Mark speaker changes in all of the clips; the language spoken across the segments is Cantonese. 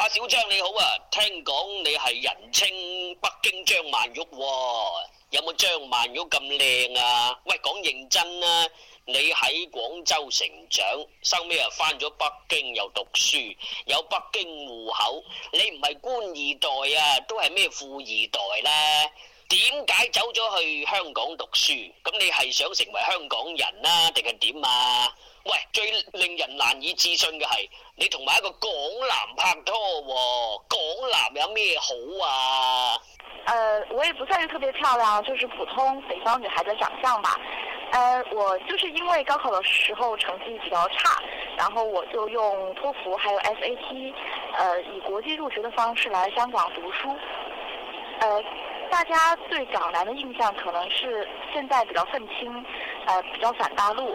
Speaker 1: 阿小張你好啊，聽講你係人稱北京張曼玉喎、哦，有冇張曼玉咁靚啊？喂，講認真啊！你喺廣州成長，收尾又翻咗北京又讀書，有北京戶口，你唔係官二代啊，都係咩富二代咧、啊？點解走咗去香港讀書？咁你係想成為香港人啊，定係點啊？喂，最令人難以置信嘅是你同埋一個港男拍拖喎、哦？港男有咩好啊？
Speaker 2: 呃，我也不算是特別漂亮，就是普通北方女孩嘅長相吧。呃，我就是因為高考的時候成績比較差，然後我就用托福還有 SAT，呃，以國際入學的方式來香港讀書。呃，大家對港男嘅印象可能是現在比較憤青，呃，比較反大陸。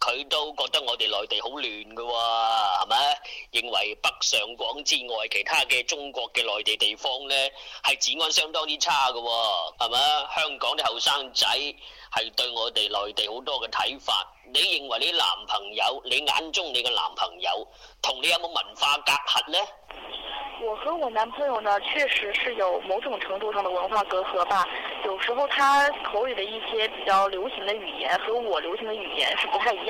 Speaker 1: 佢都覺得我哋內地好亂嘅喎，係咪？認為北上廣之外，其他嘅中國嘅內地地方呢，係治安相當之差嘅喎，啊，係咪？香港啲後生仔係對我哋內地好多嘅睇法。你認為你男朋友，你眼中你嘅男朋友，同你有冇文化隔閡呢？
Speaker 2: 我和我男朋友呢，確實是有某種程度上的文化隔閡吧。有時候他口語的一些比較流行嘅語言，和我流行嘅語言是不太一樣的。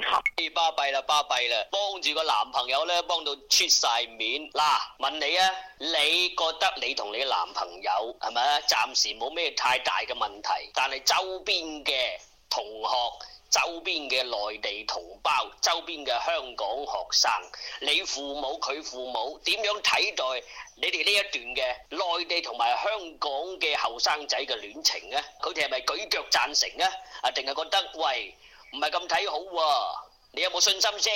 Speaker 1: 巴閉啦，巴閉啦！幫住個男朋友咧，幫到出晒面。嗱，啊，問你啊，你覺得你同你嘅男朋友係咪啊？暫時冇咩太大嘅問題，但係周邊嘅同學、周邊嘅內地同胞、周邊嘅香港學生，你父母佢父母點樣睇待你哋呢一段嘅內地同埋香港嘅後生仔嘅戀情呢？佢哋係咪舉腳贊成呢？啊，定係覺得喂？唔係咁睇好喎、啊，你有冇信心先？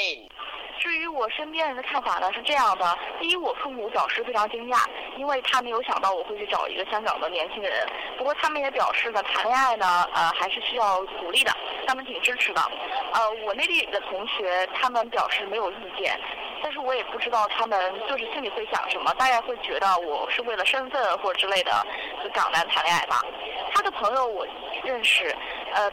Speaker 2: 至於我身邊人的看法呢，是這樣的，第一，我父母表示非常驚訝，因為他沒有想到我會去找一個香港的年輕人。不過他們也表示呢，談戀愛呢，呃，還是需要鼓勵的，他們挺支持的。呃，我內地的同學，他們表示沒有意見，但是我也不知道他們就是心裏會想什麼，大概會覺得我是為了身份或者之類的，和港男談戀愛嘛。他的朋友我認識，呃。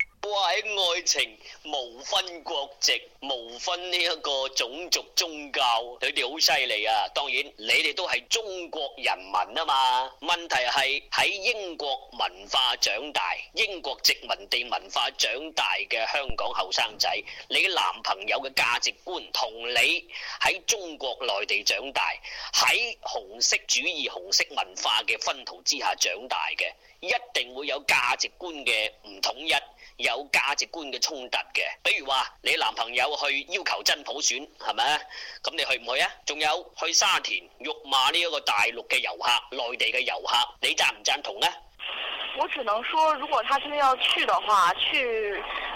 Speaker 1: 我喺愛情無分國籍、無分呢一個種族、宗教，佢哋好犀利啊。當然你哋都係中國人民啊嘛。問題係喺英國文化長大、英國殖民地文化長大嘅香港後生仔，你嘅男朋友嘅價值觀同你喺中國內地長大、喺紅色主義、紅色文化嘅熏陶之下長大嘅，一定會有價值觀嘅唔統一。有價值觀嘅衝突嘅，比如話你男朋友去要求真普選，係咪啊？咁你去唔去啊？仲有去沙田辱罵呢一個大陸嘅遊客、內地嘅遊客，你贊唔贊同呢？
Speaker 2: 我只能說，如果他真係要去的話，去。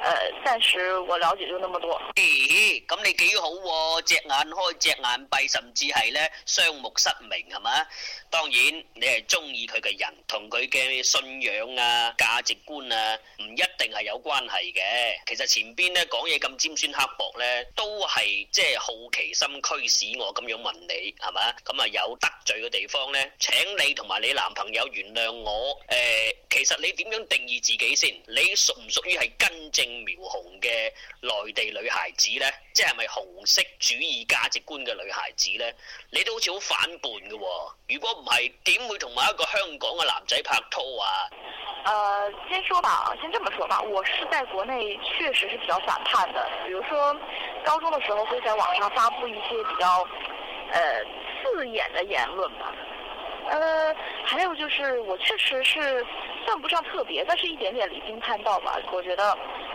Speaker 1: 誒，暫時我了解就那麼多。咁、哎、你幾好、啊？隻眼開隻眼閉，甚至係咧雙目失明係嘛？當然你係中意佢嘅人，同佢嘅信仰啊、價值觀啊，唔一定係有關係嘅。其實前邊咧講嘢咁尖酸刻薄咧，都係即係好奇心驅使我咁樣問你係嘛？咁啊有得罪嘅地方咧，請你同埋你男朋友原諒我。誒、呃，其實你點樣定義自己先？你屬唔屬於係根正？苗紅嘅內地女孩子呢，即係咪紅色主義價值觀嘅女孩子呢？你都好似好反叛嘅，哦，如果唔係，點會同埋一個香港嘅男仔拍拖啊？
Speaker 2: 誒、呃，先說吧，先這麼說吧。我是在國內確實是比較反叛的，比如說高中的時候會在網上發佈一些比較呃刺眼的言論吧。嗯、呃，還有就是我確實是算不上特別，但是一點點離經叛道吧。我覺得。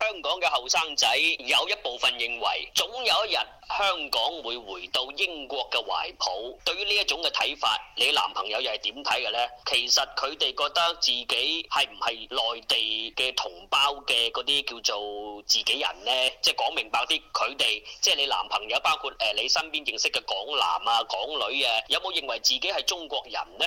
Speaker 1: 香港嘅後生仔有一部分認為，總有一日香港會回到英國嘅懷抱。對於呢一種嘅睇法，你男朋友又係點睇嘅呢？其實佢哋覺得自己係唔係內地嘅同胞嘅嗰啲叫做自己人呢？即係講明白啲，佢哋即係你男朋友，包括誒你身邊認識嘅港男啊、港女啊，有冇認為自己係中國人呢？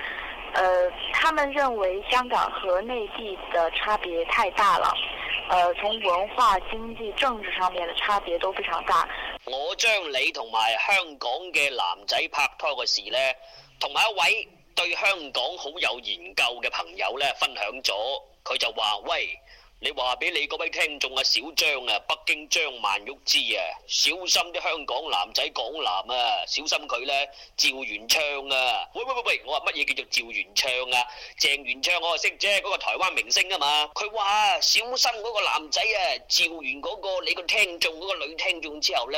Speaker 2: 呃，他們認為香港和內地的差別太大了，呃，從文化、經濟、政治上面的差別都非常大。
Speaker 1: 我將你同埋香港嘅男仔拍拖嘅事呢，同埋一位對香港好有研究嘅朋友咧分享咗，佢就話，喂，你話俾你嗰位聽眾啊，小張啊，北京張曼玉知啊，小心啲香港男仔港男啊，小心佢呢。趙元唱啊！喂喂喂喂，我話乜嘢叫做趙元唱啊？鄭元暢我係識啫，嗰、那個台灣明星啊嘛，佢話小心嗰個男仔啊，趙完嗰個你那個聽眾嗰、那個女聽眾之後呢，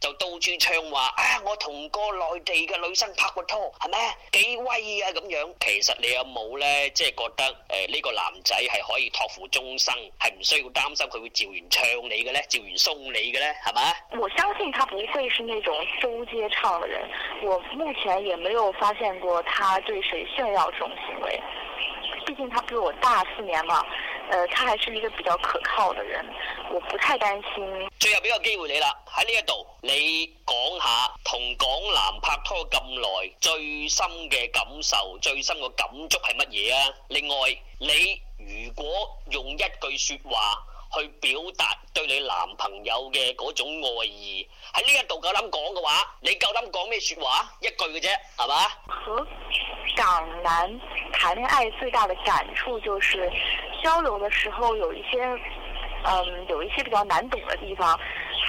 Speaker 1: 就到處唱話啊，我同個內地嘅女生拍過拖，係咪啊？幾威啊咁樣？其實你有冇呢？即、就、係、是、覺得誒呢、呃這個男仔係可以托付終生？係唔需要擔心佢會趙完唱你嘅咧，趙完送你嘅咧，係咪？
Speaker 2: 我相信他不會是那種周街唱的人，我目前也沒有發現過他對誰炫耀這種行為。畢竟他比我大四年嘛，呃，他還是一個
Speaker 1: 比較可靠的人，
Speaker 2: 我不太擔心。
Speaker 1: 最後俾個機會你啦，喺呢一度。你講下同港男拍拖咁耐，最深嘅感受、最深嘅感觸係乜嘢啊？另外，你如果用一句說話去表達對你男朋友嘅嗰種愛意，喺呢一度夠膽講嘅話，你夠膽講咩說話？一句嘅啫，係嘛？和
Speaker 2: 港男談戀愛最大嘅感觸就是交流嘅時候有一些，嗯，有一些比較難懂嘅地方。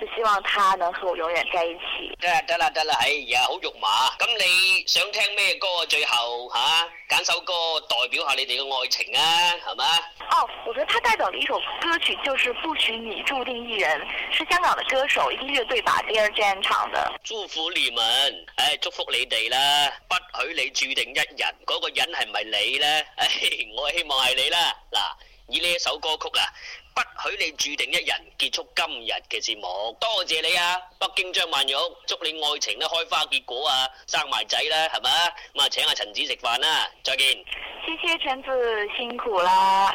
Speaker 2: 就希望他能和我永遠在一起。得啦得啦得啦，哎呀，
Speaker 1: 好肉麻。咁你想聽咩歌啊？最後吓，揀首歌代表下你哋嘅愛情啊，係咪？哦，
Speaker 2: 我覺得他代表了一首歌曲，就是《不許你注定一人》，是香港的歌手一個樂隊把 Dear Jane 唱的。
Speaker 1: 祝福你們，哎，祝福你哋啦！不許你注定一人，嗰個人係咪你咧？哎，我希望係你啦，嗱。以呢一首歌曲啊，不許你注定一人，結束今日嘅節目。多謝你啊，北京張曼玉，祝你愛情都開花結果啊，生埋仔啦，係咪？咁啊請阿陳子食飯啦，再見。
Speaker 2: 謝謝陳子，辛苦啦。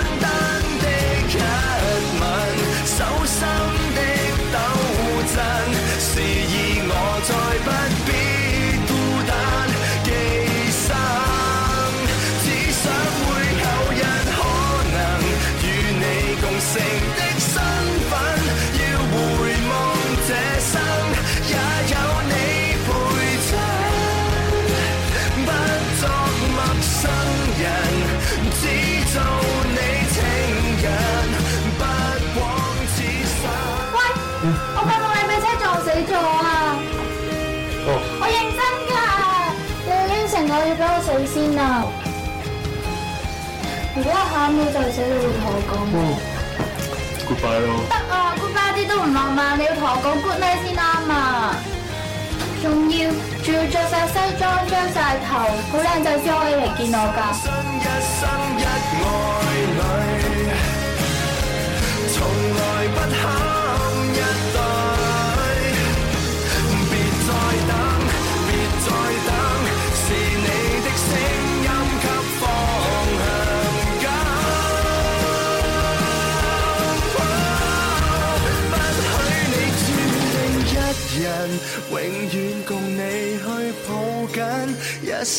Speaker 2: 如果一喊到就死你會同我講
Speaker 3: ，Goodbye 咯。
Speaker 2: 得啊，Goodbye 啲都唔浪漫，你要同我講 Goodnight 先啱啊。仲要仲要着晒西裝，張晒頭，好靚仔先可以嚟見我㗎。
Speaker 3: 生